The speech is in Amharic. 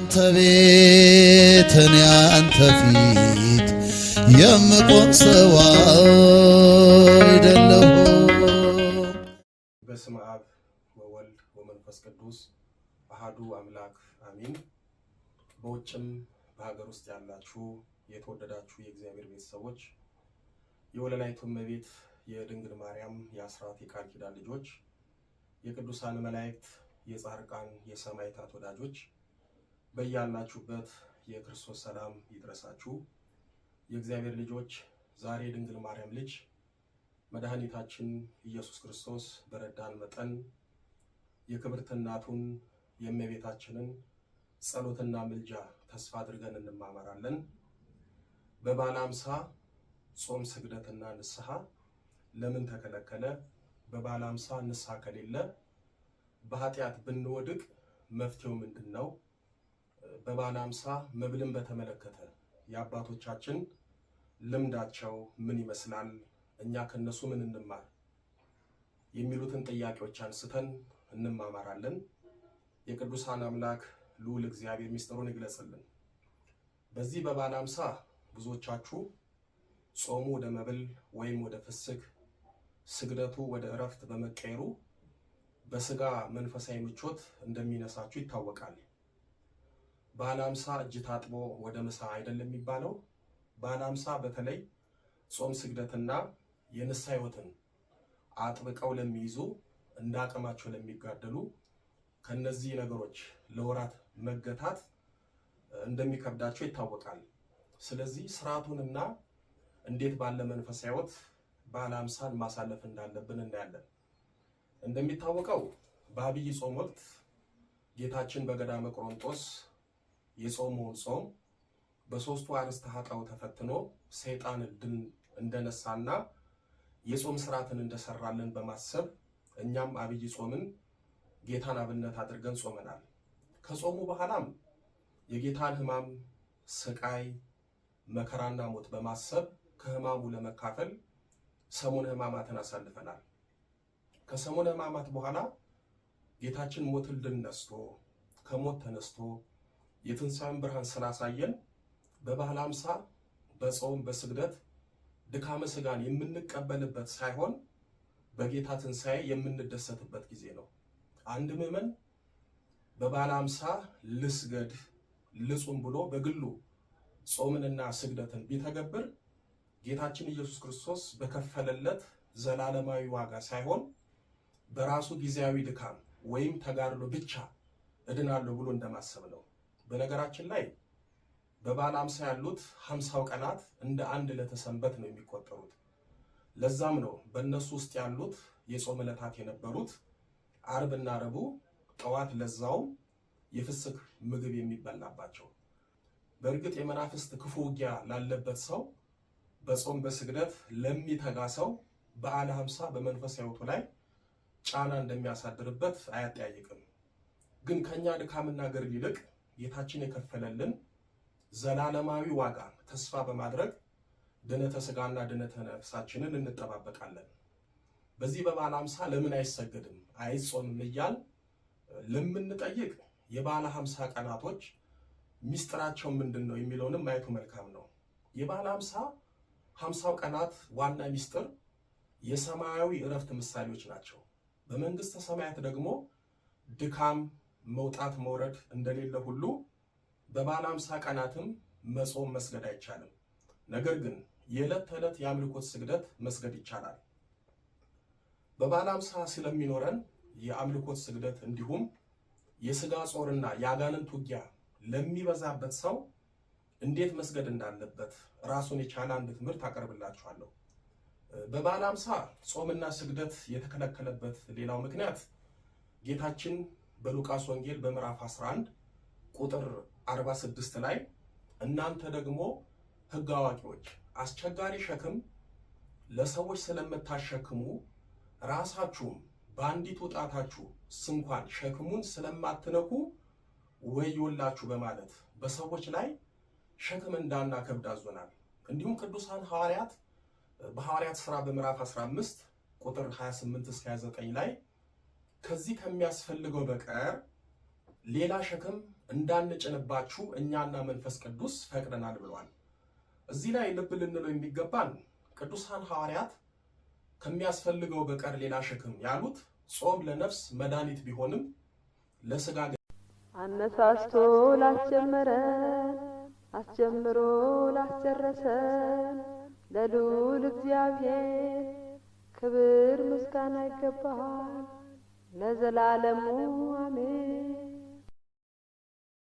አንተ ቤት እኔ አንተ ፊት የምቆም ሰው አይደለሁ። በስመ አብ ወወልድ ወመንፈስ ቅዱስ አሃዱ አምላክ አሚን። በውጭም በሀገር ውስጥ ያላችሁ የተወደዳችሁ የእግዚአብሔር ቤተሰቦች፣ የወለላይቱ እመቤት የድንግል ማርያም የአስራት የቃል ኪዳን ልጆች፣ የቅዱሳን መላእክት፣ የጻርቃን የሰማዕታት ወዳጆች በያላችሁበት የክርስቶስ ሰላም ይድረሳችሁ። የእግዚአብሔር ልጆች፣ ዛሬ ድንግል ማርያም ልጅ መድኃኒታችን ኢየሱስ ክርስቶስ በረዳን መጠን የክብርት እናቱን የእመቤታችንን ጸሎትና ምልጃ ተስፋ አድርገን እንማመራለን። በበዓለ ሃምሳ ጾም፣ ስግደትና ንስሐ ለምን ተከለከለ? በበዓለ ሃምሳ ንስሐ ከሌለ በኃጢአት ብንወድቅ መፍትሄው ምንድን ነው? በባለ አምሳ መብልን በተመለከተ የአባቶቻችን ልምዳቸው ምን ይመስላል፣ እኛ ከነሱ ምን እንማር የሚሉትን ጥያቄዎች አንስተን እንማማራለን። የቅዱሳን አምላክ ልዑል እግዚአብሔር ሚስጥሩን ይግለጽልን። በዚህ በባለ አምሳ ብዙዎቻችሁ ጾሙ ወደ መብል ወይም ወደ ፍስክ፣ ስግደቱ ወደ እረፍት በመቀየሩ በስጋ መንፈሳዊ ምቾት እንደሚነሳችሁ ይታወቃል። ባለአምሳ እጅ ታጥቦ ወደ ምሳ አይደለም የሚባለው። ባለ በተለይ ጾም ስግደትና የንስሐ ህይወትን አጥብቀው ለሚይዙ እንደ አቅማቸው ለሚጋደሉ ከነዚህ ነገሮች ለወራት መገታት እንደሚከብዳቸው ይታወቃል። ስለዚህ ስርዓቱንና እንዴት ባለ መንፈሳዊ ህይወት ባለአምሳን ማሳለፍ እንዳለብን እናያለን። እንደሚታወቀው በአብይ ጾም ወቅት ጌታችን በገዳመ ቆሮንጦስ የጾመውን ጾም በሶስቱ አርዕስተ ኃጣው ተፈትኖ ሰይጣንን ድል እንደነሳና የጾም ስርዓትን እንደሰራልን በማሰብ እኛም አብይ ጾምን ጌታን አብነት አድርገን ጾመናል። ከጾሙ በኋላም የጌታን ህማም ስቃይ፣ መከራና ሞት በማሰብ ከህማሙ ለመካፈል ሰሙነ ህማማትን አሳልፈናል። ከሰሙነ ህማማት በኋላ ጌታችን ሞትን ድል ነስቶ ከሞት ተነስቶ የትንሣኤን ብርሃን ስላሳየን በባህል አምሳ በጾም በስግደት ድካመ ስጋን የምንቀበልበት ሳይሆን በጌታ ትንሣኤ የምንደሰትበት ጊዜ ነው። አንድ ምዕመን በባህል አምሳ ልስገድ ልጹም ብሎ በግሉ ጾምንና ስግደትን ቢተገብር ጌታችን ኢየሱስ ክርስቶስ በከፈለለት ዘላለማዊ ዋጋ ሳይሆን በራሱ ጊዜያዊ ድካም ወይም ተጋድሎ ብቻ እድናለሁ ብሎ እንደማሰብ ነው። በነገራችን ላይ በበዓለ ሃምሳ ያሉት ሃምሳው ቀናት እንደ አንድ ዕለተ ሰንበት ነው የሚቆጠሩት። ለዛም ነው በእነሱ ውስጥ ያሉት የጾም ዕለታት የነበሩት አርብና ረቡዕ ጠዋት ለዛውም የፍስክ ምግብ የሚበላባቸው። በእርግጥ የመናፍስት ክፉ ውጊያ ላለበት ሰው በጾም በስግደት ለሚተጋ ሰው በዓለ ሃምሳ በመንፈሳዊ ሕይወቱ ላይ ጫና እንደሚያሳድርበት አያጠያይቅም። ግን ከኛ ድካምና ገድል ይልቅ ጌታችን የከፈለልን ዘላለማዊ ዋጋ ተስፋ በማድረግ ድነተ ስጋና ድነተ ነፍሳችንን እንጠባበቃለን። በዚህ በበዓለ ሃምሳ ለምን አይሰገድም አይጾምም እያል ለምንጠይቅ የበዓለ ሃምሳ ቀናቶች ሚስጥራቸው ምንድን ነው የሚለውንም ማየቱ መልካም ነው። የበዓለ ሃምሳ ሃምሳው ቀናት ዋና ሚስጥር የሰማያዊ እረፍት ምሳሌዎች ናቸው። በመንግስተ ሰማያት ደግሞ ድካም መውጣት መውረድ እንደሌለ ሁሉ በባለ አምሳ ቀናትም መጾም መስገድ አይቻልም። ነገር ግን የዕለት ተዕለት የአምልኮት ስግደት መስገድ ይቻላል። በባለ አምሳ ስለሚኖረን የአምልኮት ስግደት እንዲሁም የስጋ ጾርና የአጋንንት ውጊያ ለሚበዛበት ሰው እንዴት መስገድ እንዳለበት ራሱን የቻለ አንድ ትምህርት አቀርብላችኋለሁ። በባለ አምሳ ጾምና ስግደት የተከለከለበት ሌላው ምክንያት ጌታችን በሉቃስ ወንጌል በምዕራፍ 11 ቁጥር 46 ላይ እናንተ ደግሞ ሕግ አዋቂዎች አስቸጋሪ ሸክም ለሰዎች ስለምታሸክሙ ራሳችሁም በአንዲት ውጣታችሁ ስንኳን ሸክሙን ስለማትነኩ ወዮላችሁ በማለት በሰዎች ላይ ሸክም እንዳናከብድ አዞናል። እንዲሁም ቅዱሳን ሐዋርያት በሐዋርያት ሥራ በምዕራፍ 15 ቁጥር 28 እስከ 29 ላይ ከዚህ ከሚያስፈልገው በቀር ሌላ ሸክም እንዳንጭንባችሁ እኛና መንፈስ ቅዱስ ፈቅደናል ብሏል። እዚህ ላይ ልብ ልንለው የሚገባን ቅዱሳን ሐዋርያት ከሚያስፈልገው በቀር ሌላ ሸክም ያሉት ጾም ለነፍስ መድኃኒት ቢሆንም ለስጋ አነሳስቶ ላስጀመረን አስጀምሮ ላስጨረሰን ለልዑል እግዚአብሔር ክብር ምስጋና ይገባል። ለዘላለሙ አሜን።